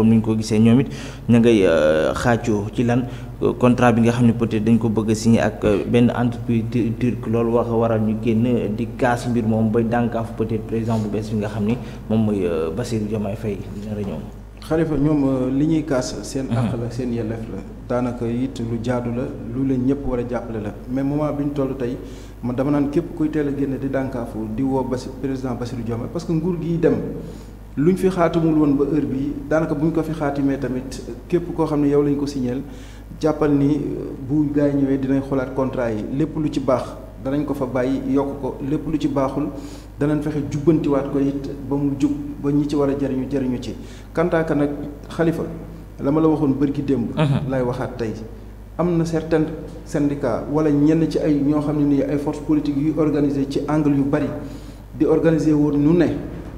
comme ñu ko gisee ñoom it ñu ngay euh, xàccoo ci lan euh, contrat bi nga xam ne peut dañ ko bëgg si ak euh, benn entreprise turque loolu wax waral ñu génn di kaas mbir moom ba dànkaafu peut-être président bu bees bi nga xam ni moom mooy Bassirou Diomaye Faye dina réunion xalifa ñoom li ñuy kaas seen mm-hmm. àq seen yelleef la daanaka it lu jaadu la lu leen ñëpp war a jàppale la mais moment bi ñu toll tey ma dama naan képp kuy teel a génn di dànkaafu di woo basi président Bassirou Diomaye parce que nguur gi dem lu ñu fi xaatimul woon ba heure bii daanaka buñ ko fi xaatimee tamit képp koo xam ne yow lañ ko signeel jàppal ni euh, bu gaa yi ñëwee dinañ xoolaat contrat yi lépp lu ci baax danañ ko fa bàyyi yokk ko lépp lu ci baaxul danañ fexe jubbantiwaat ko it ba mu jub ba ñi ci war a jariñu jariñu ci kantaaka nag xalifa la ma la waxoon bërki démb uh-huh. lay waxaat tey am na certains syndicats wala ñenn ci ay ñoo xam ne nii ay forces politiques yuy organisé ci angle yu bari di organisé woon nu ne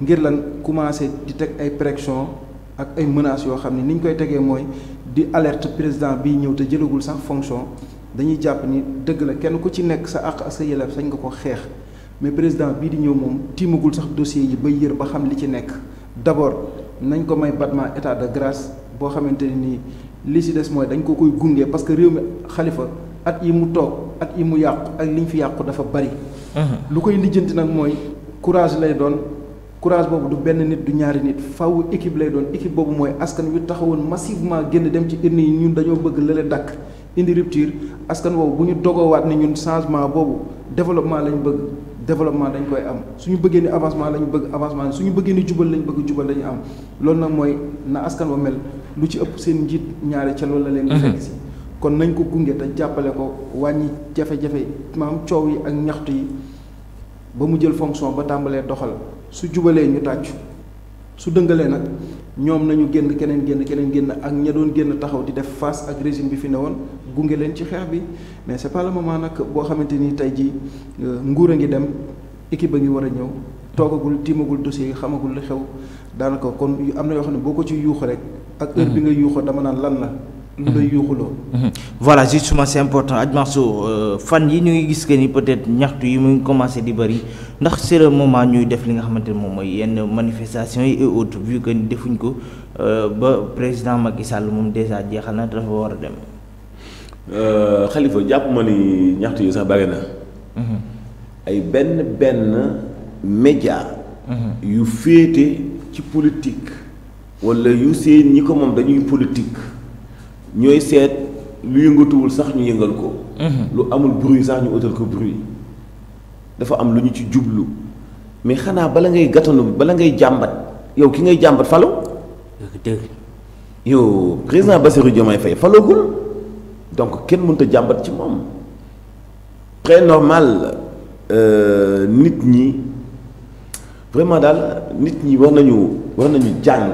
ngir lan commencé di tek ay pression ak ay menaces yo xamni niñ koy tegee moy di alerte président bi ñew te jëlagul sax fonction dañuy japp ni deug la kenn ku ci nekk sa ak sa yelef sañ nga ko xex mais président bi di ñew mom tiimagul sax dossier yi ba yeer ba xam li ci nekk d'abord nañ ko may battement état de grâce bo xamanteni ni li ci dess moy dañ ko koy gungé parce que rewmi khalifa at yi mu tok at yi mu yaq ak liñ fi yaq dafa bari lu koy lijjanti nak moy courage lay doon courage boobu du benn nit du ñaari nit faw équipe lay doon équipe boobu mooy askan wi taxawoon massivement génn dem ci urne yi ñu dañoo bëgg lële dàkk indi rupture askan woowu bu ñu dogoowaat ni ñun changement boobu développement lañ bëgg développement dañ koy am suñu bëggee ni avancement lañu bëgg avancement suñu bëggee ni jubal lañ bëgg jubal lañu am loolu nag mooy na askan wa mel lu ci ëpp seen njiit ñaari ca loolu la leen. Mhm. fekk si kon nañ ko gunge te jàppale ko wàññi jafe-jafe maanaam coow yi ak ñaxtu yi ba mu jël fonction ba tàmbalee doxal. su jubalee ñu tàcc su dëngalee nag ñoom nañu génn keneen génn keneen génn ak ña doon génn taxaw di def fas ak régime bi fi ne woon gunge leen ci xeex bi mais c'est pas le nag boo xamante ni tey jii euh, nguur a ngi dem équipe a ngi war a ñëw toogagul tiimagul dossier xamagul li xew daanaka kon am na yoo xam ne boo ko ci yuuxu rek. ak heure bi mm-hmm. ngay yuuxu dama naan lan la. Mhm. Mhm. voilà justement c'est important Adji Mansour euh, fan yi ñu gis que ni peut-être ñaxtu yi mu ngi commencé di bari ndax c'est le moment ñuy def li nga xamanteni mom moy yenn manifestation yi et autres vu que ni defuñ ko euh, ba président Macky Sall mom déjà jéxal na dafa war a dem euh, khalifa japp ma ni ñaxtu yi sax bëri na mhm. ay benn benn média yu féete ci politique wala yu seen ñi ko moom dañuy politique ñooy seet lu yëngatuwul sax ñu yëngal ko. Mhm. lu amul bruit sax ñu utal ko bruit dafa am lu ñu ci jublu mais xanaa bala ngay gàttanu bala ngay jàmbat yow ki ngay jàmbat falu yow président Bassirou Diomaye Faye falagul donc kenn mënut jàmbat ci moom très normal euh, nit ñi vraiment daal nit ñi war nañu war nañu jàng.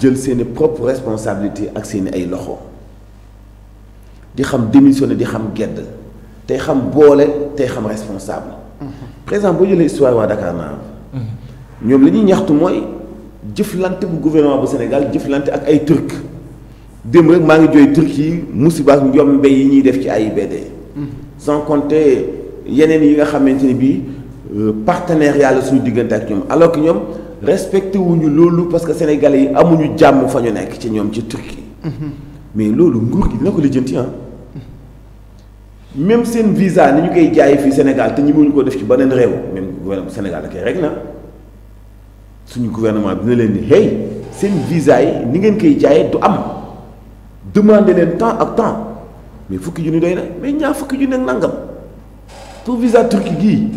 jël une propre responsabilité ak seeni ay loxo di xam démissionné di xam gedd xam responsable mhm. par exemple boo jëlee histoire Dakar naa mhm. ñoom li ñuy ñaxtu gouvernement bu Sénégal jëflante ak ay turc dem rek maa ngi jooy turc yi yi ñuy def ci mhm. sans compter yeneen yi nga xamante ni bii euh, partenariat la suñu ak alors que respecté wuñu loolu parce que sénégalais yi amuñu jamm fañu nek ci ñom ci Turquie mais lolu nguur gi dina ko hein même sen visa ni koy jaay fi Sénégal te ñi mënuñu ko def ci beneen réew même gouvernement Sénégal da rek na ah. suñu gouvernement dina leen ni hey sen visa yi ni ngeen koy jaay du am demander len temps ak temps mais fukki junni doy mais ñaar fukki junni ak nangam pour visa Turquie gi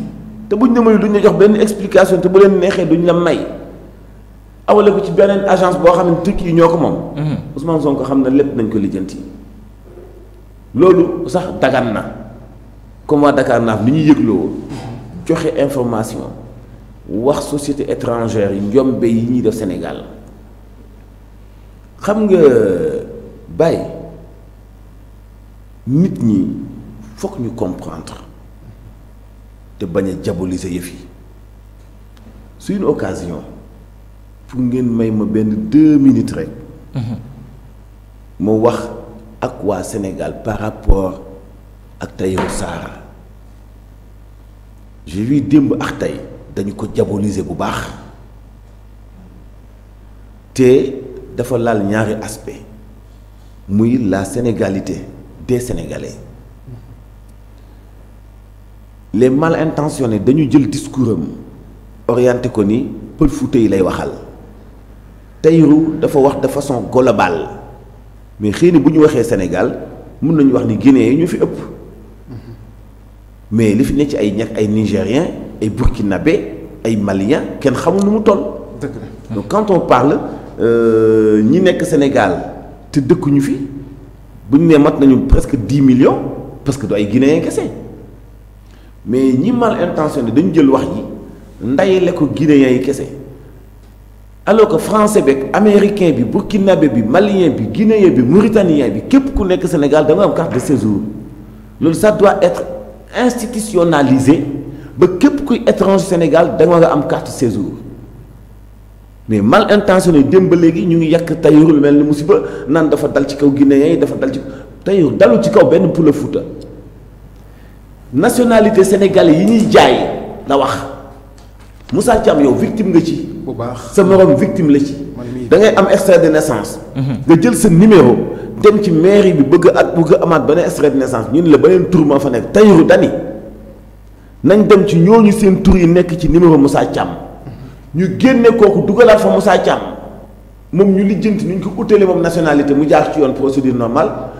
te buñ ne mayu duñ la jox benn explication te bu leen neexee duñ la may awale ko ci beneen agence boo xam ne tukki yi ñoo ko moom. Mhm. Ousmane Sonko xam na lépp nañ ko lijjanti. loolu sax dagan na comme waa Dakar naaf li ñuy yëgloo joxe information wax société étrangère yi njombe yi ñuy def Sénégal xam nga bay nit ñi fokk ñu comprendre te bañ a diaboliser yëf yi c'est une occasion pour ngeen mayma ben 2 deux minutes rek. mo mhm. wax ak wa Sénégal par rapport ak tayou Sarr je vis démb ak tay dañ ko diaboliser bu baax té dafa lal ñaari aspect muy la sénégalité des sénégalais les mal intentionnés dañu jël discours orienté ko ni pël fouté lay waxal tayru dafa wax de façon globale mais si on waxé Sénégal mën peut wax ni Guinée ñu fi ëpp mais li fi ne ay ñak ay Nigériens ay Burkinabé ay Maliens ken xamul nu mu toll. donc quand on parle euh, ñi nekk Sénégal te ñu fi bu né mat nañu presque 10 millions parce que do ay Guinéens kessé mais ñi mal intentionné dañu jël wax ji ko guinéens yi alors que français les américain les burkinabé les malien les guinéen les Mauritaniens, bi képp ku nekk Sénégal carte de séjour ça doit être institutionnalisé ba képp kuy étranger Sénégal da nga am carte séjour mais mal intentionné démb ba léegi ñu ngi yàq ni musiba naan dafa dal ci kaw guinéen yi dafa dal dalu nationalité sénégalais yi ñuy jaay la wax Moussa Thiam yow victime nga ci. bu baax sa morom victime la ci. da ngay am extrait de naissance. Mhm. nga jël sa numéro. dem ci mairie bi bëgg ak bëgg amaat beneen extrait de naissance ñun la beneen tour ma fa nekk tayru Dany nañ dem ci ñooñu seen tour yi nekk ci numéro Moussa Thiam. ñu génne kooku dugalaat fa Moussa Thiam moom ñu lijjanti nu ñu ko utalee moom nationalité mu jaar ci yoon procédure normale.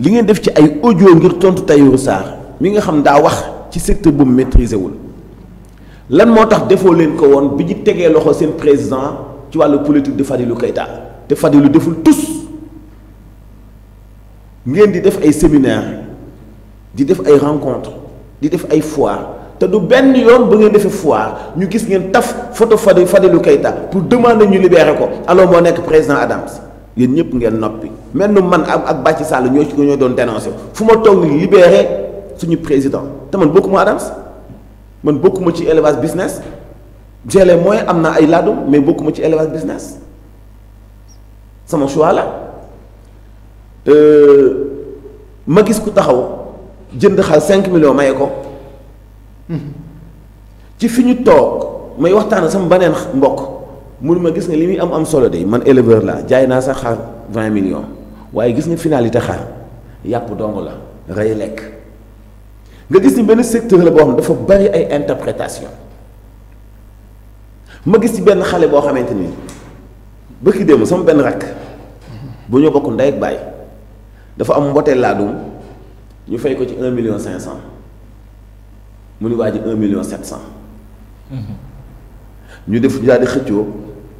li ngeen def ci ay audio ngir tontu Tahirou Sarr mi nga xam daa wax ci secteur bu maîtriser wul lan moo tax defoo leen ko woon bi ñu tegee loxo seen président ci wàllu politique de Fadilou Keita te Fadilou deful tous ngeen di def ay séminaire di def ay rencontre di def ay foire te du benn yoon ba ngeen defee foire ñu gis ngeen taf photo Fadilou Keita pour demander ñu libérer ko alors moo nekk président Adams yéen ñëpp ngeen noppi mel ni man ak ak Bàcci Sall ñoo ci ñoo doon dénoncé fu ma toog ni libéré suñu président te man bokkuma Adams man bokkuma ci élevage business j'ai mooy am na ay laadum mais bokkuma ci élevage business sama choix la euh, ma gis ku taxaw jënd xal 5 millions maye ko hmm. ci fi ñu toog may waxtaan sama beneen mbokk. mun ma gis nga li muy am am solo de man éleveur laa jaay naa sax xar 20 millions waaye gis nga finalité xar yàpp dong la rey lekk nga gis ni benn secteur la boo xam ne dafa bari ay interprétation ma gis ci benn xale boo xamante ni bëkki démb sama benn rakk bu ñoo bokk ndey ak baay dafa am mboteel laadum ñu fay ko ci un million cinq cent mu ni waa un million sept cent mhm. ñu def daal di xëccoo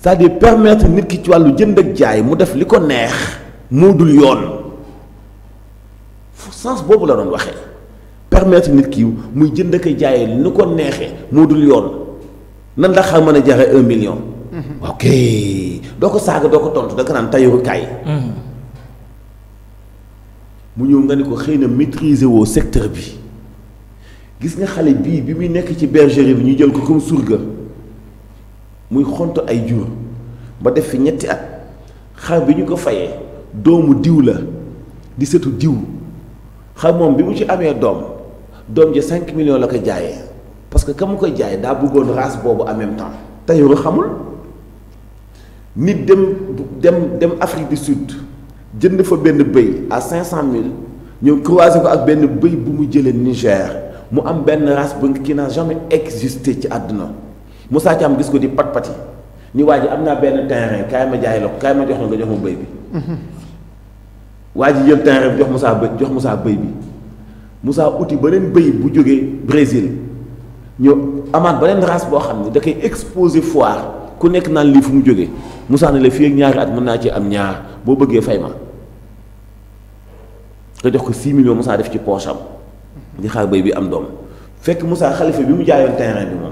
ça à permettre nit ki ci walu jënd ak jaay mu def liko neex moo dul yoon sens bobu la doon waxe permettre nit ki muy jënd ak jaayee ni ko neexé moo dul yoon nan la xam na jaxé 1 million. Mhm. ok doko ko doko tontu da nga tayu kay mhm. mu ñëw nga ni ko xeyna maîtriser wo secteur bi gis nga xalé bi bi muy nekk ci bergerie bi ñu jël ko comme surga muy xont ay jur ba def fi ñetti at xar bi ko fayé doomu diw la di setu diw xar moom bi mu ci 5 millions la ko parce que kam race en même temps xamul nit dem dem dem Afrique du Sud jënd fa benn bëy à 500000 ñëw croisé ko ak benn bu mu Niger mu am benn race qui n'a jamais existé ci Moussa Thiam gis ko di pat pati ni waa ji am naa benn terrain kaay ma jaay la ko kaay ma jox la nga jox ma bëy bi. waa ji jël terrain bi jox Moussa bëy jox Moussa bëy bi musaa uti beneen bëy bu jógee Brésil ñëw amaat beneen race boo xam ne da exposé foire ku nekk naan lii fu mu jógee Moussa ne la fii ak ñaari at mën naa ci am ñaar boo bëggee fay ma nga jox ko 6 millions Moussa def ci poosam di xaar bëy bi am doom fekk Moussa xalifa bi mu jaayoon terrain bi moom.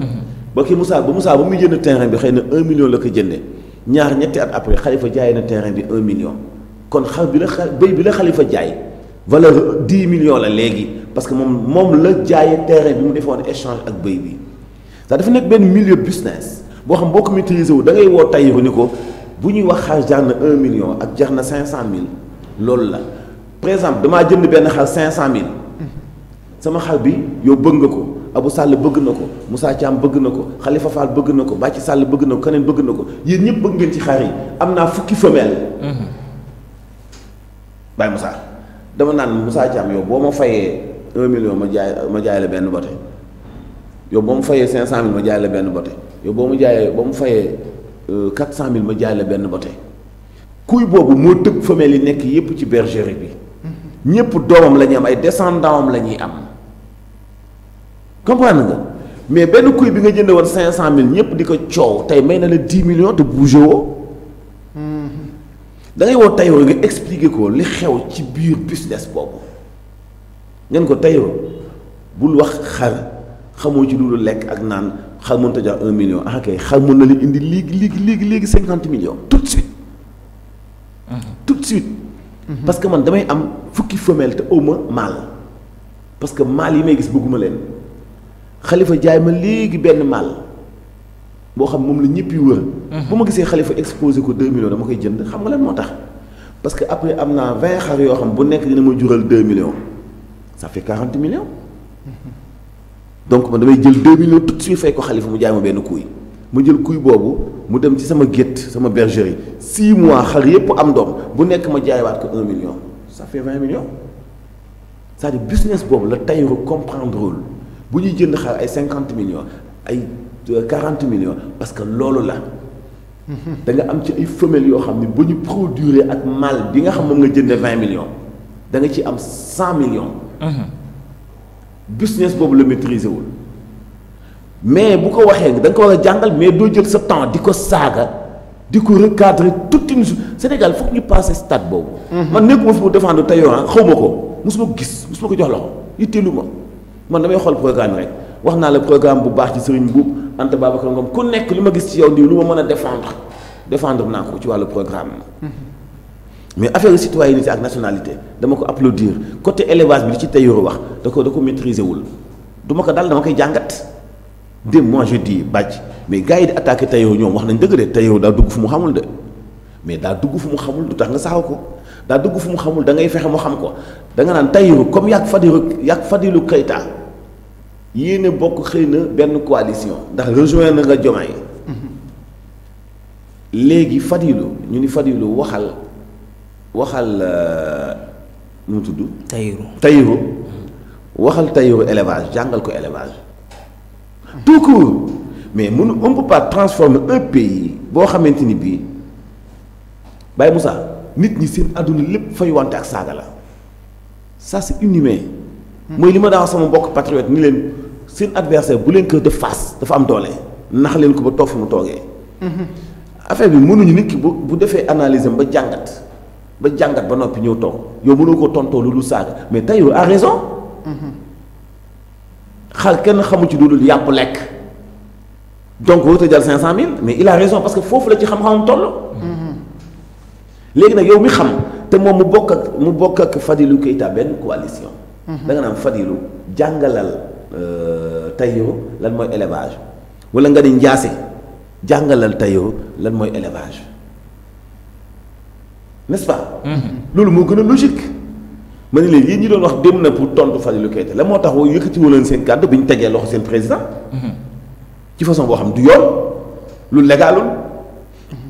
ba ki Moussa ba Moussa ba muy jënd terrain bi xëy 1 million la ko jëndé ñaar ñetti at après khalifa jaay na terrain bi 1 million kon xar bi la xa bi la khalifa jaay valeur 10 millions la légui parce que mom mom la jaayee terrain bi mu defoon échange ak béy bi ça dafa nek ben milieu business bo xam boo ko maîtriser wu da ngay wo tay ko niko bu ñuy wax xar jar na 1 million ak jar na 500000 lool la par exemple dama jënd ben xar 500000 sama xar bi yo bëng ko. Abou Sall bëgg nako Moussa Thiam bëgg nako Khalifa Fall bëgg nako ko Bàcci Sall bëgg nako kenen bëgg nako yéen ñëpp bëgg ngeen ci xaar yi amna fukki femel hmm bay Moussa dama naan Moussa Thiam yow boma fayé 1 million ma jaay ma jaay la benn bote yow boma fayé fayee 500000 ma jaay la benn bote yow boma jaay jaayee boo ma fayee 400000 ma jaay la benn bote kuy bobu mo tepp femel yi nekk yépp ci bergerie bi ñëpp doomam lañu am ay descendants lañuy am. comprends nga mais ben vous bi nga jënd woon cinq cent Vous 10 millions de bourgeois. woo mm-hmm. da ngay woo tailleur nga expliquer ko li xew ci biir business ko wax xamoo ci ak naan un million ah kay na millions tout de suite. Mm-hmm. tout de suite. Mm-hmm. parce que man damay am fukki femelle te parce que vous yi may gis xalifa jaay ma léegi benn màll boo xam moom la ñëpp yu wër. Mhm. bu ma gisee xalifa exposé ko 2 millions dama koy jënd xam nga lan moo tax. parce que après am naa 20 xar yoo xam bu nekk dina ma jural 2 millions ça fait 40 millions. Mhm. donc man damay jël 2 millions tout de suite fay ko xalifa mu jaay ma benn kuy. mu jël kuy boobu mu dem ci sama gétt sama bergerie 6 mois xar yépp am doom bu nekk ma jaaywaat ko 1 million ça fait 20 millions c'est-à-dire business boobu la tailleur comprendrewul bu ñuy jënd xaal ay 50 millions ay 40 euh, millions parce que loolu la da nga am ci ay femelle yoo xam ne produire ak mal bi nga xam moom nga jënde 20 millions da nga ci am 100 millions. Uh-huh. business boobu la maitriser wul mais bu ko waxee da nga ko war a jàngal mais doo jël sa temps di ko saaga di ko recadrer toute une Sénégal foog ñu passé stade boobu. Uh-huh. man nekkuma fi mu défendre tayoran xawma ko mosuma ko gis mosuma ko jox loxo itteelu ma man damay xol programme rek wax naa la programme bu baax ci Serigne Boub Anta Babacar Ngom ku nekk lu ma gis ci yow nii lu ma mën a défendre défendre naa ko ci wàllu programme mhm. mais affaire citoyenneté ak nationalité dama ko applaudir côté élevage bi li ci Taïro wax da ko da ko maîtriser wul du ma ko dal dama koy jàngat mhm. démb moi je dis bàjj mais gars yi di attaqué Taïro ñoom wax nañ dëgg de Taïro daa dugg fu mu xamul de mais daa dugg fu mu xamul du tax nga saxaw ko. daa dugg fu mu xamul da ngay fexe mu xam ko da nga naan Tahirou comme yàgg Fadilou yàgg Fadilou Keita yéene bokk xëy na benn coalition ndax na nga Diomaye mm-hmm. léegi Fadilou ñu ni Fadilou waxal waxal lu euh, mu tudd. Tahirou Tahirou waxal Tahirou élevage jàngal ko élevage. tout court mais mënu on peut pas un pays boo xamante ni bii Baye musa nit ñi seen aduna lépp fay wante ak saaga la ça c'est inhumain mooy li ma daa sama mbokk patriote ni leen seen adversaire bu leen ko def face dafa am doole nax leen ko ba toog fi mu toogee affaire bi mënuñu nit ki bu bu defee analyse ba jàngat ba jàngat ba noppi ñëw toog yow mënoo ko tontoo lu lu saaga mais tey yow a raison xal kenn xamu ci dudul yàpp lekk donc warut a jël cinq cent mais il a raison parce que foofu la ci xam-xamam toll léegi nag yow mi xam te moom mu bokk ak mu bokk ak Fadilou Keita benn coalition. Mhm. da nga naan Fadilou jàngalal euh, Tayo lan mooy élevage wala nga ni Ndiassé jàngalal Tayo lan mooy élevage n'est-ce mhm. loolu moo gën a logique. ma ne leen yéen ñi doon wax dem na pour tontu Fadilou Keita la moo tax woo yëkkatiwu leen seen kàddu bi ñu tegee loxo seen président. Mhm. ci façon boo xam du yoon lu légalul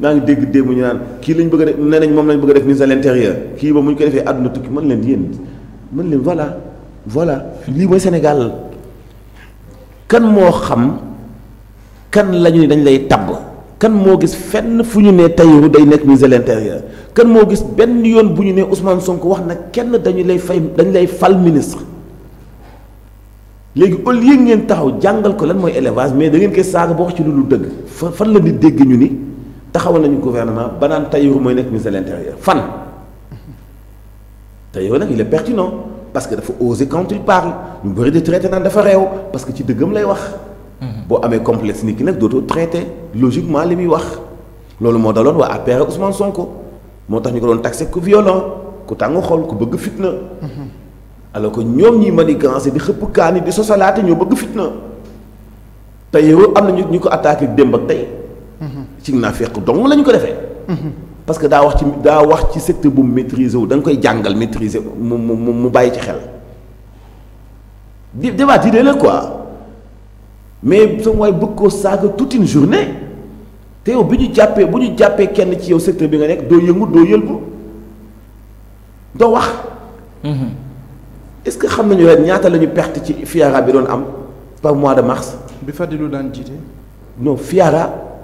maa ngi dégg démb ñu naan kii lañ bëgg a def nee moom lañ bëgg a def ministre de l'intérieur kii ba mu ñu ko defee àdduna tukki mën mën leen voilà voilà lii mooy kan moo xam kan la dañ lay tabb kan moo gis fenn fu ñu ne Tahirou day nekk ministre de l'intérieur kan moo gis benn yoon bu ñu ne Ousmane Sonko wax na kenn dañu lay fay dañu lay fal ministre léegi au lieu ngeen taxaw jàngal ko lan mooy élevage mais da ngeen koy saaga boo wax ci lu dëgg fa fan la nit dégg ñu ni. taxawal nañu gouvernement ba naan Tayour mooy nekk ministre de l'intérieur fan Tayour nag il est pertinent parce que dafa oser quand il parle ñu bëri di traité naan dafa réew parce que ci dëggam lay wax. Mhm. boo amee complexe nit ki nag dootoo traité logiquement li muy wax. loolu moo daloon waa APR Ousmane Sonko moo tax ñu ko doon taxé ku violent ku tàngu xol ku bëgg fitna. Mhm. alors que ñoom ñi manigancé di xëpp kaani di sosalaate ñoo bëgg fitna. Tayour am na ñu ñu ko attaqué démb tey ci naafeq dong lañ ko defee. parce que da wax ci da wax ci secteur bu mu maîtriser wu da nga koy jàngal maîtriser mu mu mu bàyyi ci xel. débat d'idée quoi mais sama way bëgg koo saaga toute une journée té yow bi ñu jàppee bu kenn ci yow secteur bi nga nekk doo yëngu doo yëlbu do wax. est-ce que xam nañu ren ñaata la perte ci FIARA bi doon am par mois de mars. bi fadilu dan jiite. non FIARA.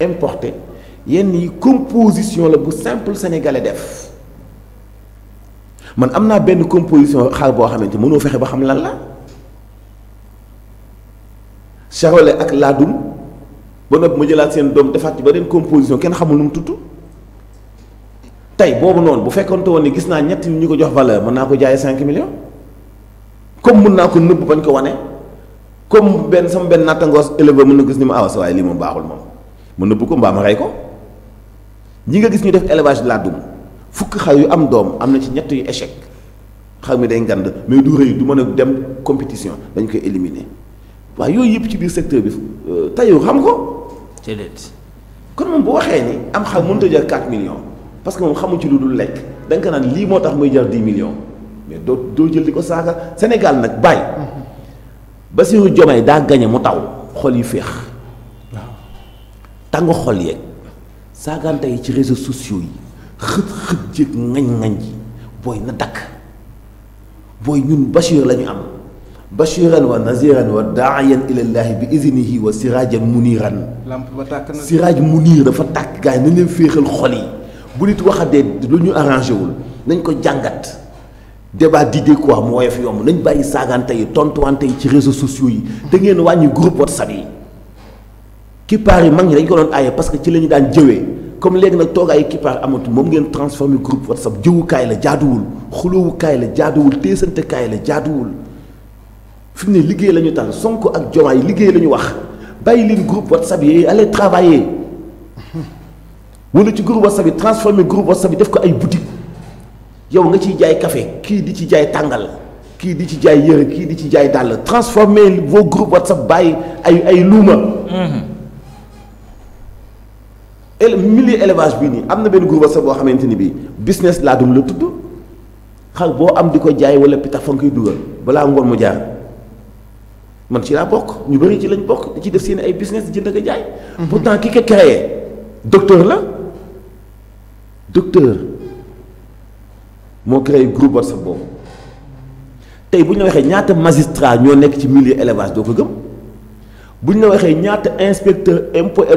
importé yenn yi composition la bu simple sénégalais def man amna naa benn composition xaal boo xamante mënoo fexe ba xam lan la charolais ak laadum ba noppi ma jëlaat seen doom defaat ci beneen composition kenn xamul nu mu tudd tey boobu noonu bu fekkonte woon ni gis naa ñetti nit ñu ko jox valeur mën naa ko jaay 5 millions comme mën naa ko nëbb bañ ko wane comme benn sama benn nattangoos éleveur mën na gis ni mu awas ah, waaye lii moom baaxul moom. mën na bu ko mbaa rey ko ñi nga gis ñu def élevage de la Doum fukk xar yu am doom am na ci ñett yu échec xar mi day ngand mais du rëy du mën a dem compétition dañ koy éliminer waa yooyu yëpp ci biir secteur bi euh, tayu xam ko. déedéet. kon moom bu waxee ni am xar mënut a jar 4 million parce que moom xamu ci lu dul lekk da nga ko naan lii moo tax muy jar 10 million mais doo doo jël di ko saaga Sénégal nag bàyyi. Mm-hmm. Bassirou Diomaye daa gañe mu taw xol yi féex. tàngu xol yeeg saagante yi ci réseaux sociaux yi xët xët jëg ngañ-ngañ ji booy na dakk booy ñun bashir la ñu am bashiran wa naziran wa daayan ilallahi bi iznihi wa sirajan muniran lamp ba tàkk na siraj munir dafa tàkk gars yi nañ leen féexal xol yi bu nit waxatee lu ñu arrangé wul nañ ko jàngat débat d'idée quoi moo woyof yomb nañ bàyyi saagante yi tontuwante yi ci réseaux sociaux yi te ngeen wàññi groupe whatsapp yi Qui yi dañ ko parce que ci la daan comme légui nak ay par amatu ngeen transformé groupe whatsapp kay la jaaduwul kay la jaaduwul kay la fimné liggéey Sonko ak le wax groupe whatsapp yi allez travailler wala ci groupe whatsapp groupe whatsapp def ko ay boutique yow nga ci jaay café di ci jaay ki di ci jaay ki di ci jaay Transformer vos groupes whatsapp by ay ay milieu élevage bii nii am na benn groupe WhatsApp boo xamante ni bii business laa dum la tudd xar boo am di ko jaay wala pitax fa koy dugal balaa ngoon mu jaar man ci laa bokk ñu bëri ci lañ bokk ci def seen ay business di jënd ak jaay. Mhm. pourtant ki ko créé docteur la docteur moo créé groupe WhatsApp boobu tey bu ñu la waxee ñaata magistrat ñoo nekk ci milieu élevage doo ko gëm bu ñu la waxee ñaata inspecteur impôt et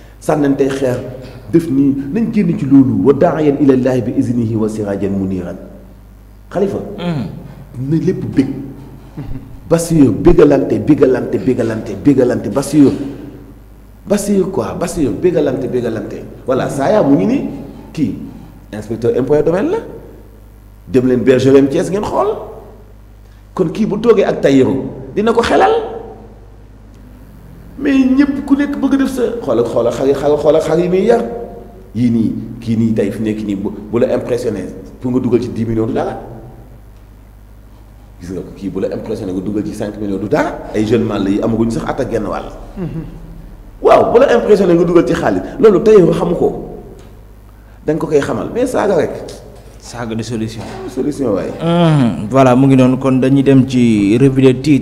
sànnantey xeer def nii nañ génn ci loolu wa daayan ilallaahi bi isnihi wa mu muniran xalifa hmm. na lépp bég Basiir bégalante bégalante bégalante bégalante Basiir Basiir quoi Basiir bégalante bégalante voilà saa yaa mu ngi nii kii inspecteur impôt et domaine la dem leen Bergeron Thiès ngeen xool kon kii bu toogee ak tayiru dina ko xelal mais ñëpp ku nekk sa xoola xari xar yi xari xoola ya yi muy yar yii nii fi nekk nii bu la impressionné pour nga dugal ci 10 millions du dara gis nga ki bu la impressionné nga dugal ci 5 millions du dara ay jeune mâles yi amaguñ sax at ak genn wàll. waaw bu la impressionné nga dugal ci xaalis loolu tey xam ko dang ko koy xamal mais saaga rek. saaga de solution. solution waaye. Hum, voilà mu ngi non kon dañuy dem ci revue de titre